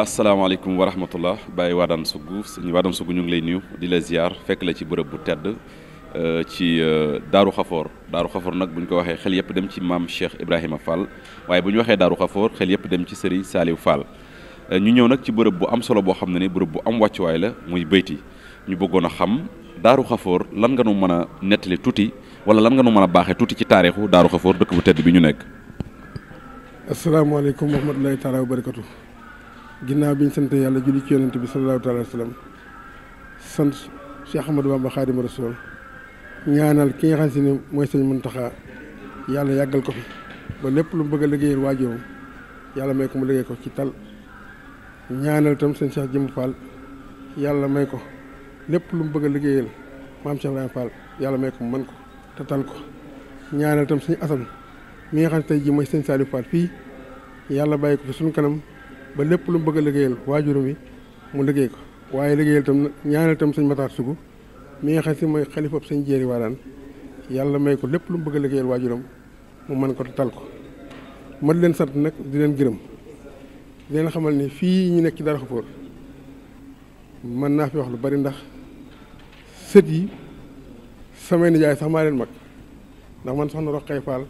asalaamaaleykum wa rahmatullah bàyyi Wadane Sougou sëñ Wadane Sougou ñu ngi lay nuyu di la ziar fekk la ci bërëb bu tedd euh, ci euh, Daaru Xafoor Daaru Xafoor nag bu ñu ko waxee xel yëpp dem ci maam Cheikh Ibrahima Fall waaye bu ñu waxee Daaru Xafoor xel yëpp dem ci Serigne Saliou Fall euh, ñu ñëw nag ci bërëb bu am solo boo xam ne ni bërëb bu am wàccuwaay la muy béyti ñu bëggoon a xam Daaru Xafoor lan nga nu mën a nettali tuuti wala lan nga nu mën a baaxee tuuti ci taarixu Daaru Xafoor dëkk bu tedd bi ñu nekk. asalaamaaleykum wa rahmatulahi taala wa barakatu ginnaaw bi ñu sant yàlla julli ci yonent bi sallallahu alayhi wa sallam sant Cheikh Ahmadou Bamba Xaadimu Rasuul ki nga si ne mooy sëñ Muntaxa yàlla yàggal ko fi lépp lu bëgg a liggéeyal waajuram yàlla may mu liggéey ko ci tal ñaanal itam sëñ Cheikh Jëmm may ko lépp lu bëgg a liggéeyal maam Cheikh Ibrahima yàlla may ko ko te ko ñaanal itam sëñ Asan mi nga xam tey jii mooy sëñ Saliou Fall fii yàlla bàyyi ko fi suñu kanam ba lépp lu mu bëgg a liggéeyal waajuram wi mu liggéey ko waaye liggéeyal tam ñaanal tam sëñ Matar Sougou mi nga xam si mooy xalifab sëñ Jéeri Waadaan yàlla may ko lépp lu mu bëgg a liggéeyal waajuram mu man ko tal ko mën leen sant nag di leen gërëm di leen xamal ni fii ñu nekk ci Darou Khafor mën naa fi wax lu bari ndax sët yi samay nijaay sax maa leen mag ndax man soxna Roqay Fall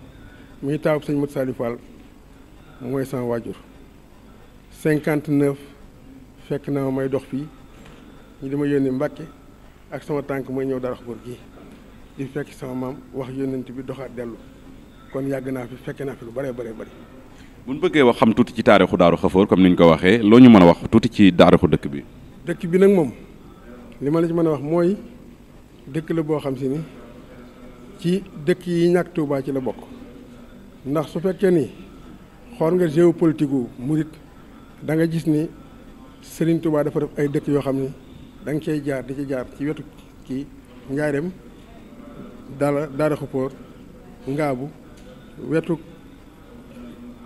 muy taawub sëñ Mat Sali Fall mooy sama waajur cinquante neuf fekk na ma may dox fii ñu dama yónni Mbàkke ak sama tànk may ñëw dara xabur gi di fekk sama maam wax yónnent bi doxaat dellu kon yàgg naa fi fekke naa fi lu bare bare bëri bu ñu bëggee wax xam tuuti ci taarixu daaru xafoor comme ni ñu ko waxee loo ñu mën a wax tuuti ci taarixu dëkk bi dëkk bi nag moom li ma la ci mën a wax mooy dëkk la boo xam si ni ci dëkk yi ñàkk Tuubaa ci la bokk ndax su fekkee ni xool nga géopolitique wu murit da nga gis ni Serigne Touba dafa def ay dëkk yoo xam ni danga nga jaar di ci jaar ci wetu kii Njaareem Dala Daara Xupoor Ngaabu wetu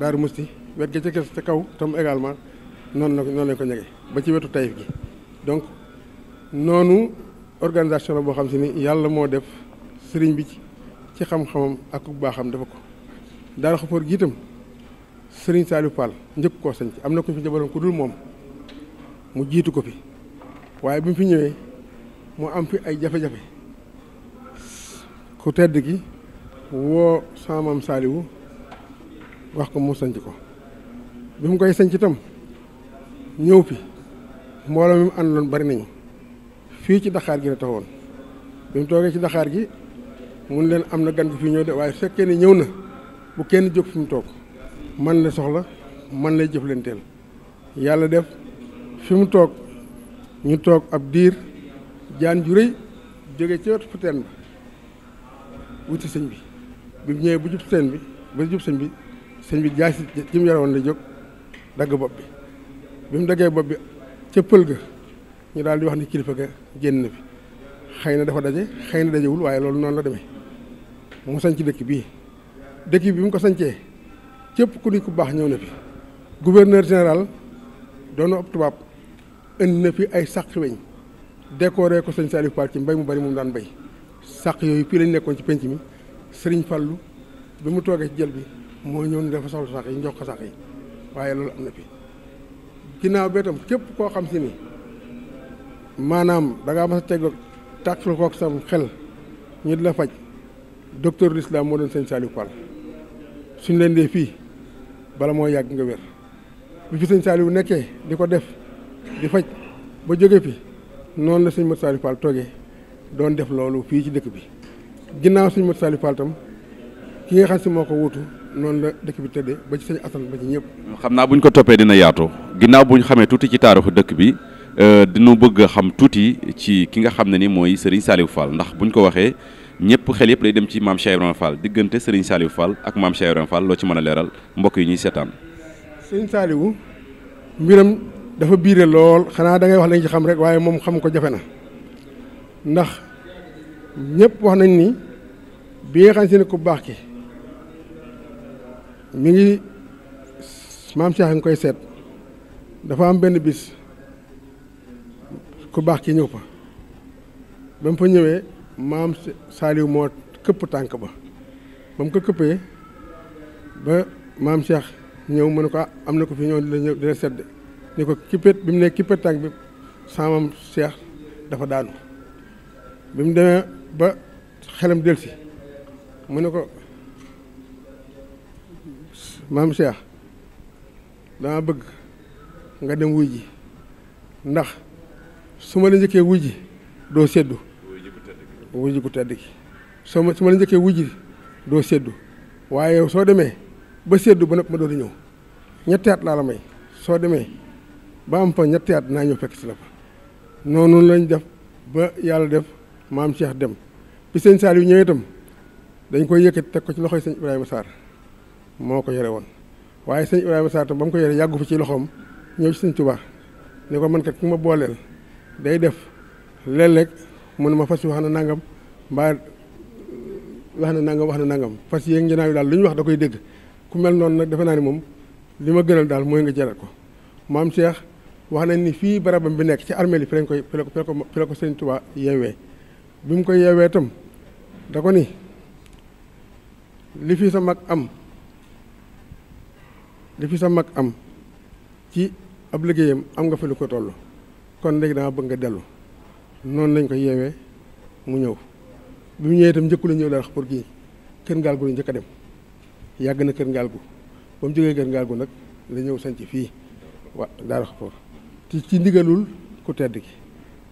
Daaru Musti wet ga ca kes ca kaw tam également noonu la noonu lañ ko ñege ba ci wetu Tayif gi donc noonu organisation la boo xam si ni yàlla moo def sëriñ bi ci xam-xamam ak bu baaxam dafa ko Daara Xupoor gi itam Serigne Saliou Fall njëkk koo sañc am na ku fi jabaloon ku dul moom mu jiitu ko fi waaye bi mu fi ñëwee mu am fi ay jafe-jafe ku tedd gi woo sama maam wax ko mu sañc ko bi mu koy sañc itam ñëw fi mbooloo mi mu àndaloon bari nañu fii ci daxaar gi la woon bi mu toogee ci daxaar gi mun leen am na gan gu fi ñëw de waaye fekkee ne ñëw na bu kenn jóg fi mu toog man la soxla man lay jëflanteel yàlla def fi mu toog ñu toog ab diir jaan ju jóge ci wetu teen ba ci sëñ bi bi ñëwee bu jub sëñ bi ba jub sëñ bi sëñ bi jaasi ji mu yore woon la jóg dagg bopp bi bi mu daggee bopp bi ca pël ga ñu daal di wax ni kilifa ga génn na fi xëy na dafa daje xëy na dajewul waaye loolu noonu la demee mu sañc dëkk bii dëkk bi bi mu ko sañcee képp ku ni ku baax ñëw na fi gouverneur général doon ab tubaab indi na fi ay sàq weñ décoré ko sëñ Saliou Fall ci mbay mu bari mu daan béy saq yooyu fii lañ nekkoon ci penc mi sëriñ Fallu bi mu toogee ci jël bi moo ñëw ne dafa soxla sàq yi njox ko sàq yi waaye loolu am na fi ginnaaw bee tam képp koo xam si ni maanaam da ngaa mas a kook sam xel ñu di la faj docteur l'islam moo doon sëñ Saliou Fall suñ leen dee fii bala moo yàgg nga wér bi fi sëñ Saliou nekkee di ko def di faj ba jóge fi noonu la sëñ Modou Saliou Fall doon def loolu fii ci dëkk bi ginnaaw sëñ Modou Saliou Fall tam ki nga xam si moo ko wuutu noonu la dëkk bi tëddee ba seen sëñ ba ci ñëpp. xam naa bu ñu ko toppee dina yaatoo ginnaaw bu ñu xamee tuuti ci taarixu dëkk bi euh, dinu bëgg xam tuuti ci ki nga xam ne ni mooy Serigne Saliou Fall ndax bu ñu ko waxee. ñëpp xel yëpp day dem ci maam Cheikh Ibrahima Fall diggante Serigne Saliou Fall ak maam Cheikh Ibrahima Fall loo ci mën a leeral mbokk yi ñuy seetaan. Serigne Saliou mbiram dafa biire lool xanaa da ngay wax lañ ci xam rek waaye moom xam ko jafe na ndax ñëpp wax nañ ni bi nga si ne ku baax ki mi ngi maam Cheikh nga koy seet dafa am benn bis ku baax ki ñëw fa ba mu fa ñëwee. maam Saliou moo këpp tànk ba ba mu ko këppee ba maam Cheikh ñëw mu ne ko ah, am na ko fii ñëw di la ñëw di sedd ni ko kippet bi mu ne kippet tànk bi saamam Cheikh dafa daanu bi mu demee ba xelam si mu ne ko maam Cheikh dama bëgg nga dem wuy ji ndax su ma la njëkkee wuy ji doo seddu wuji gu tedd gi soo ma su ma la njëkkee wujji doo séddu waaye soo demee ba séddu ba nopp ma doon ñëw ñetti at laa la may soo demee ba am fa ñetti at naa ñëw fekk si la fa noonu lañ def ba yàlla def maam Cheikh dem bi sëñ yu ñëwee itam dañ koy yëkkati teg ko ci loxoy sëñ Ibrahima Sarr moo ko yore woon waaye sëñ Ibrahima Sarr tam ko yore yàggu fa ci loxoom ñëw ci sëñ Touba ne ko man kat ku ma booleel day def léeg mun ma fas yi wax na nangam mbaa wax na nangam wax na nangam fas yeeg njënaaw yi daal lu ñu wax da koy dégg ku mel noon nag defe naa ne moom li ma gënal daal mooy nga jarat ko mu am Cheikh wax nañ ni fii barabam bi nekk ci armée li fi lañ koy fi la ko fi la ko sëñ Tuubaa yeewee bi mu koy yeewee tam da ko ni li fii sa mag am li fi sa mag am ci ab liggéeyam am nga fi lu ko toll kon léegi dama bëgg nga dellu noonu lañ ko yeewee mu ñëw bi mu ñëwee tam njëkku la ñëw daal pour kii kër ngaal gu la njëkk a dem yàgg na kër ngaal gu ba mu jógee kër ngaal gu nag la ñëw sañc fii wa daara xapoor ci ci ndigalul ku tedd ki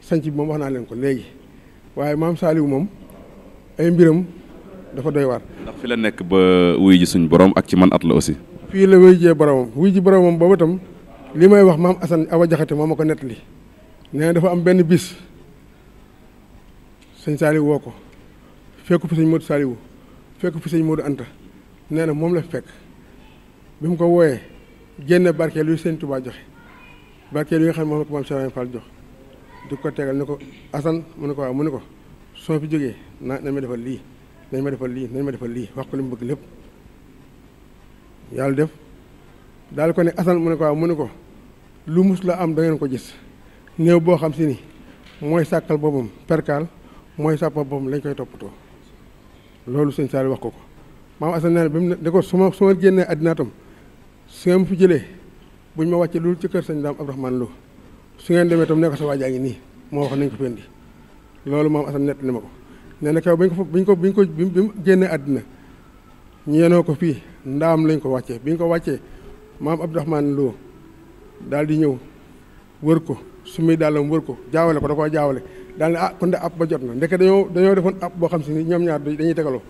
sanc bi moom wax naa leen ko léegi waaye maam saaliwu moom ay mbiram dafa doy waar. ndax fi la nekk ba wuy ji suñ borom ak ci man at la aussi. fii la wuy jee boromam wuy ji boromam boobu itam li may wax maam Assane Awa Jaxate moo ma ko nettali nee na dafa am benn bis. sëñ Saliou woo ko fekk fi sëñ Modou Saliou fekk fi sëñ Modou Anta nee na moom la fekk bi mu ko wooyee génne barkeel yu sëñ Touba joxe barkeel yi xam ne moom ko maam Cheikh jox di ko tegal ni ko Assane mu ne ko mu ne ko soo fi jógee na nañ ma defal lii nañ ma defal lii nañ ma defal lii wax ko li mu bëgg lépp yàlla def daal ko ne Assane mu ne ko waaw mu ne ko lu mus la am da ngeen ko gis néew boo xam si ni mooy sàkkal boppam perkaal mooy sàppam boobu lañ koy toppatoo loolu sëñ Saliou wax ko ko maam Assane nee na ba mu ne da ko su ma su àddina tam su ngeen fi jëlee buñ ma wàccee loolu ci kër sëñ Daam Abdourahmane Lo su ngeen demee tam ne ko sa waajaa ngi nii moo wax nañ ko fendi loolu maam Assane nett na ma ko nee na kaw bi ñu ko bi ñu ko bi ñu ko bi mu génnee àddina ñu ko fii ndaam lañ ko wàccee bi ko wàccee maam Abdourahmane Lo daal di ñëw wër ko su muy dàllam wër ko jaawale ko da koo jaawale daal ne ah kon de app ba jot na ndeke dañoo defoon app boo xam si ni ñoom ñaar dañuy tegaloo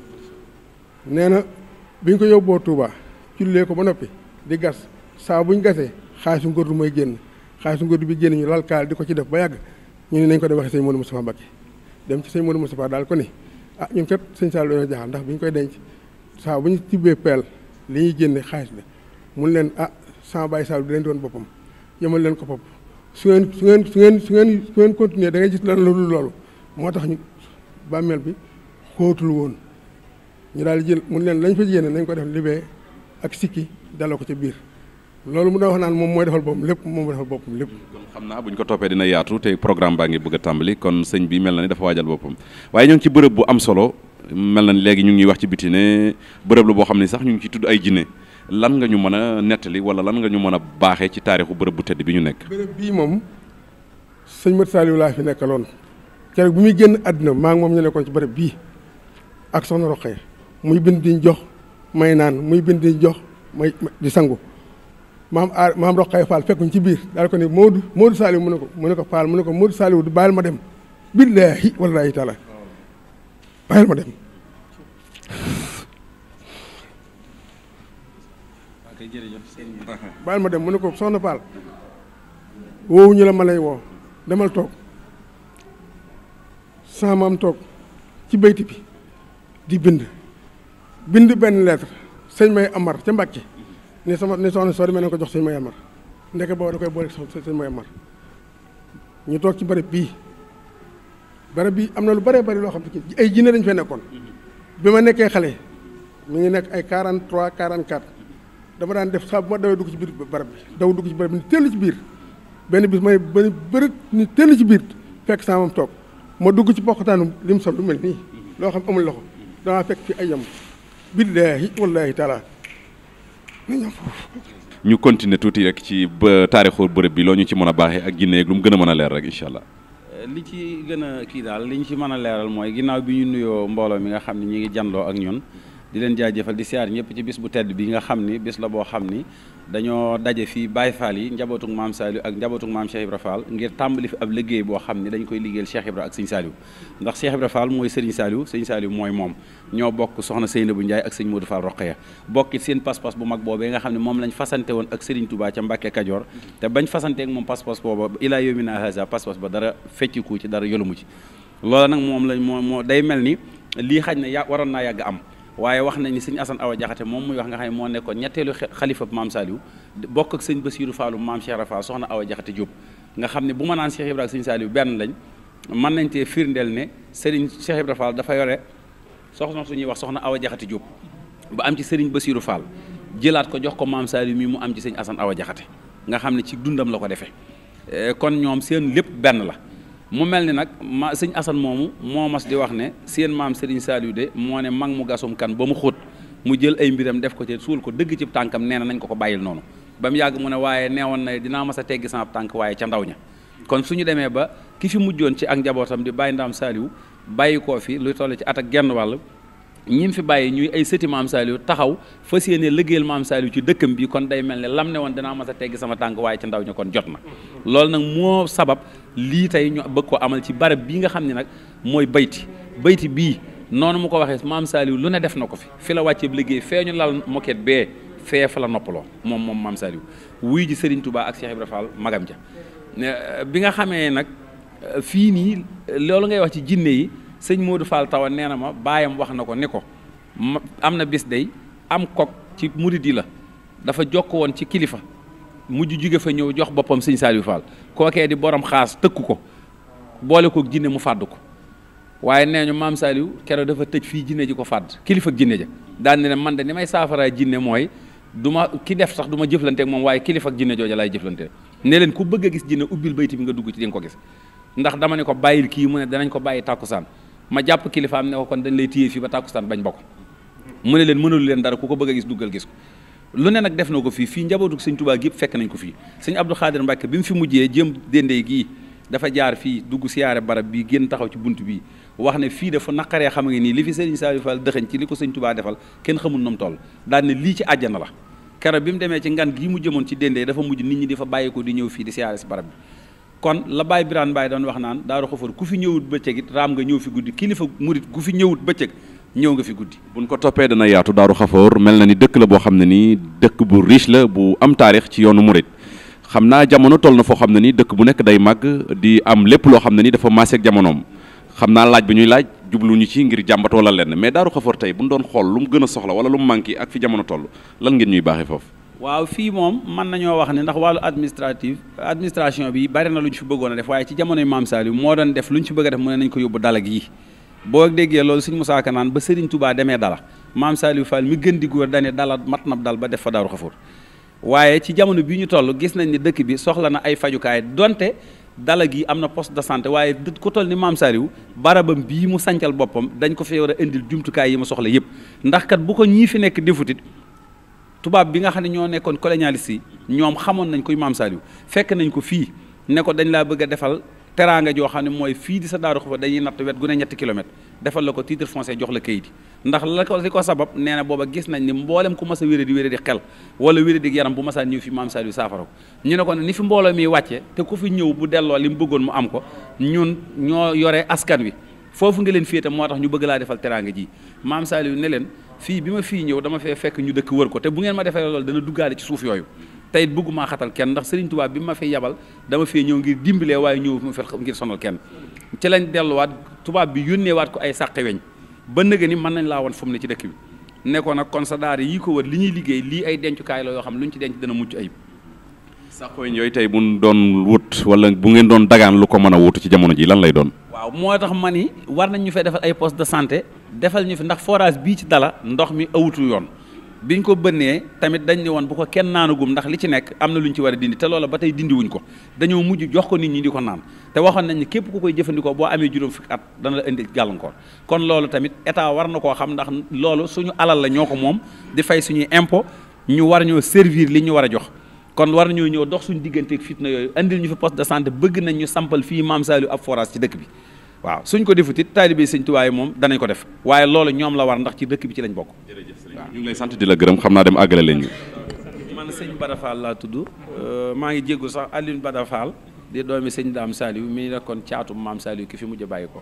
nee na bi ñu ko yóbboo Touba jullee ko ba noppi di gas saa bu ñu gasee xaalisu ngóorlu mooy génn xaalisu ngóorlu bi génn ñu lal kaal di ko ci def ba yàgg ñu ne nañ ko dem waxee sëñ Modou Moustapha Mbacké dem ci sëñ Modou Moustapha daal ko ni ah ñun kat sëñ Sall dañoo jaaxal ndax bi ñu koy denc saa bu ñu tibbee peel li ñuy génne xaalis la mun leen ah sans bàyyi Sall di leen doon boppam yemal leen ko bopp su ngeen su ngeen su ngeen su ngeen su ngeen continuer da ngay gis lan la dul loolu moo tax ñu bàmmeel bi xóotul woon ñu daal jël mun leen lañ fa yéene lañ ko def libee ak sikki daloo ko ca biir loolu mu doon wax naan moom mooy defal boppam lépp moom mooy defal boppam lépp. kon xam naa bu ñu ko toppee dina yaatu te programme baa ngi bëgg a tàmbali kon sëñ bi mel na ni dafa waajal boppam waaye ñoo ngi ci bërëb bu am solo mel na léegi ñu ngi wax ci biti ne bërëb la boo xam ne sax ñu ngi ci tudd ay jinne lan nga ñu mën a nettali wala lan nga ñu mën a baaxee ci taarixu bërëb bu tedd bi ñu nekk. bërëb bii moom sëñ Mat Saliou laa fi nekkaloon keroog bi muy génn àddina maa ngi moom ñu nekkoon ci bërëb bii ak soxna Roqee muy bind di jox may naan muy bind di jox may di sangu maam aar maam xay Fall fekkuñ ci biir daal ko ni Modou Modou Saliou mu ne ko mu ne ko Fall mu ne ko Modou Saliou du bàyyil ma dem billaahi wallaahi taala bàyyil ma dem. kay jërëjëf sëriñ ma dem mu ne ko soxna Fall woowu ñu la ma lay woo demal toog sama toog ci bayti bi di bind bind benn lettre sëñ may amar ca Mbàkke ni sama ni soxna sori ma ne ko jox señ may amar ndeke boobu da koy boole sëñ may amar ñu toog ci bari bii barab bii am na lu bëree bari loo xam ne ay jinne dañu fee nekkoon bi ma nekkee xale mu ngi nekk ay 43 44 dama daan def saa bu ma dawee dugg ci biir barab bi daw dugg ci barab bi ni teel ci biir benn bis may benn bërët ni teel ci biir fekk saa moom toog ma dugg ci poqataanu li mu sol lu mel nii loo xam amul loxo damaa fekk fi ay yam billaahi wallaahi taala na ñam ñu continuer tuuti rek ci ba taarixu bërëb bi loo ñu ci mën a baaxee ak Guinée lu mu gën a mën a leer rek incha allah. Eh, li ci gën a kii daal li ñu ci mën a leeral mooy ginnaaw bi ñu nuyoo mbooloo mi nga xam ne ñu ngi jandoo ak ñun di leen jaajëfal di siyaar ñëpp ci bis bu tedd bi nga xam ni bis la boo xam ni dañoo daje fii Baye Fall yi njabootug maam Saliou ak njabootug maam Cheikh Ibra ngir tàmbali fi ab liggéey boo xam ni dañ koy liggéeyal Cheikh Ibra ak sëñ Saliou ndax Cheikh Ibra Fall mooy sëriñ Saliou sëñ Saliou mooy moom ñoo bokk soxna bu Ndiaye ak sëñ Modou Fall Roqeya bokkit seen pas-pas bu mag boobee nga xam ne moom lañ fasante woon ak sëriñ Touba ca Mbàkke Kajoor te bañ fasanteek moom pas-pas booba ilaa yawminaa haazaa pas-pas ba dara fecciku ci dara yolumu ci loola nag lañ moo moo day mel ni lii xaj na ya waroon naa yàgg am waaye wax nañ ni sëñ Assane Awa Jaxate moom muy wax nga xam ne moo nekkoon ñetteelu xalifa maam Saliou bokk ak sëñ Basiiru Faalu maam Cheikh Rafa soxna Awa Jaxate Diop nga xam ne bu ma naan Cheikh Ibra ak sëñ Saliou benn lañ mën nañ tee firndeel ne sëriñ Cheikh Ibra dafa yore soxna suñuy wax soxna Awa Jaxate Diop ba am ci sëriñ Basiiru Fall jëlaat ko jox ko maam Saliou mi mu am ci sëñ Assane Awa Jaxate nga xam ne ci dundam la ko defee eh, kon ñoom seen lépp benn la mu mel ni nag ma sëñ Assane moomu moo mas di wax ne seen maam Serigne Saliou de moo ne mag mu gasum kan ba mu xóot mu jël ay mbiram def ko ci suul ko dëgg ci tànkam nee na nañ ko ko bàyyil noonu ba mu yàgg mu ne waaye neewoon na dinaa mas a teggi sama tànk waaye ca ndaw ña kon su ñu demee ba ki fi mujjoon ci ak njabootam di bàyyi ndaam Saliou bàyyi koo fi lu toll ci at ak genn wàll ñi fi bàyyi ñuy ay sëti maam taxaw fas yéene liggéeyal maam Saliou ci dëkkam bi kon day mel ne lam ne woon dinaa mas a teggi sama tànk waaye ci ndaw ñi kon jot na loolu nag moo sabab lii tey ñu bëgg ko amal ci barab bii nga xam ne nag mooy bayti bayti bii noonu mu ko waxee maam Saliou lu ne def na ko fi fi la wàcceeb liggéey fee ñu lal moket bee fee fa la noppaloo moom moom maam Saliou wuy ji Serigne Touba ak Cheikh Ibra Fall magam ja bi nga xamee nag fii nii loolu ngay wax ci jinne yi sëñ Modou Fall tawal nee na ma baayam wax na ko ni ko ma am na bis day am kok ci murid di la dafa jokk woon ci kilifa mujj jóge fa ñëw jox boppam sëñ Saliou Fall kookee di borom xaas tëkku ko boole ko jinne mu fàdd ko waaye nee ñu maam Saliou keroog dafa tëj fii jinne ji ko fàdd kilifa jinne ja daan ne man de ni may saafaraa jinne mooy du ma ki def sax du ma jëflanteeg moom waaye kilifa ak jinne jooja laay jëflante ne leen ku bëgg a gis jinne ubbil bayti bi nga dugg ci di nga ko gis ndax dama ne ko bàyyil kii mu ne danañ ko bàyyi tàkkusaan ma jàpp kilifaam ne ko kon dañ lay téye fii ba tàkkusaan bañ bokk mu ne leen mënalu leen dara ku ko bëgg a gis duggal gis ko lu ne nag def na ko fii fii njabootu sëñ Tuubaa gi yëpp fekk nañ ko fii sëñ Abdou Khadir Mbacke bi mu fi mujjee jëm déndey gi dafa jaar fii dugg siyaare barab bi génn taxaw ci bunt bi wax ne fii dafa naqaree xam ngi nii li fi sëriñ Saliou Fall dëxëñ ci li ko sëñ Tuubaa defal kenn xamul nom toll daal ne lii ci àjjana la keroog bi mu demee ci ngan gii mu jëmoon ci déndey dafa mujj nit ñi di fa bàyyi ko ñëw fii di siyaare si barab bi kon la Baye Birane Baye doon wax naan daaru xafoor ku fi ñëwut bëccëg it raam nga ñëw fi guddi kilifa murit ku fi ñëwut bëccëg ñëw nga fi guddi buñ ko toppee dana yaatu daaru xafoor mel na ni dëkk la boo xam ne nii dëkk bu riche la bu am taarix ci yoonu murit xam naa jamono toll na foo xam ne nii dëkk bu nekk day màgg di am lépp loo xam ne nii dafa maase ak jamonoom xam naa laaj bi ñuy laaj jubluñu ci ngir jàmbatoo la lenn mais daaru xafoor tey bu buñ doon xool lu mu gën a soxla wala lu mu manqué ak fi jamono toll lan ngeen ñuy baaxee foofu waaw fii moom mën nañoo wax ne ndax wàllu administratif administration bi bari na lu ñu fi bëggoon a def waaye ci jamonoy maam Saliou moo doon def lu ñu fi bëgg a def mu ne nañ ko yóbbu dalag yi boo déggee loolu suñ Musaa Ka naan ba Serigne Touba demee dala maam Saliou Fall mi gën di góor dane dala mat nab dal ba def fa daaru xafoor waaye ci jamono bi ñu toll gis nañ ne dëkk bi soxla na ay fajukaay donte dala gi am na poste de santé waaye dët ko toll ni maam Saliou barabam bii mu sancal boppam dañ ko fee war a indil jumtukaay yi mu soxla yëpp ndax bu ko ñii fi nekk defutit tubaab bi nga xam ne ñoo nekkoon colonialiste yi ñoom xamoon nañ koy maam Saliou fekk nañ ko fii ne ko dañ laa bëgg a defal teraanga joo xam ne mooy fii di sa daaru xufa dañuy natt wet gu ne ñetti kilomètres defal ko titre foncier jox la kayit ndax la ko li ko nee na booba gis nañ ni mboolem ku mas a wéré di wéré di xel wala wéré di yaram bu masaan ñëw fi maam Saliou saafara ñu ne ko ne ni fi mbooloo mi wàcce te ku fi ñëw bu delloo li mu bëggoon mu am ko ñun ñoo yore askan wi foofu nga leen féete moo tax ñu bëgg laa defal teraanga ji maam Saliou ne leen fii bi ma fii ñëw dama fee fekk ñu dëkk wër ko te bu ngeen ma defee loolu dana duggaale ci suuf yooyu tey bëggumaa xatal kenn ma fi yabal dama fee ñëw ngir dimbalee bi yónneewaat ko ay sàqi weñ ba nëga ni mën nañ laa woon fu mu ci dëkk bi nekkoon nag kon sa daara yi ko wër li ñuy liggéey lii ay dencukaay la yoo xam lu ñu ci denc dana mucc ayib sàqi weñ yooyu tey buñ doon wut wala bu ngeen doon dagaan lu ko mën a wutu ci jamono ji lan lay doon waaw moo tax ma ni war nañ ñu fee defal ay poste de santé defal ñu fi ndax forage bii ci dala ndox mi awutu yoon bi ñu ko bënnee tamit dañ ne woon bu ko kenn naanagum ndax li ci nekk am na lu ñu ci war a dindi te loola ba tey dindi ko dañoo mujj jox ko nit ñi di ko naan te waxoon nañ ne képp ku koy jëfandikoo boo amee juróom fukki at dana la indi gàllankoor kon loolu tamit état war na koo xam ndax loolu suñu alal la ñoo ko moom di fay suñuy impôt ñu war ñoo servir li ñu war a jox kon war nañoo ñëw dox suñu digganteeg fitna yooy andil ñu fi poste de santé bëgg nañ fii Maam Saliou forage ci dëkk bi waaw suñ ko defut it taalibe sëñ Tuubaa yi moom danañ ko def waaye loolu ñoom la war ndax ci dëkk bi ci lañ bokk. waaw ñu ngi lay sant di la gërëm xam naa dem àggale leen ñu. man sëñ Bada laa tudd euh, maa ngi jéggu sax alin Bada Fall di doomi sëñ Daam Saliou mi nekkoon caatum maam Saliou ki fi mujj bàyyi ko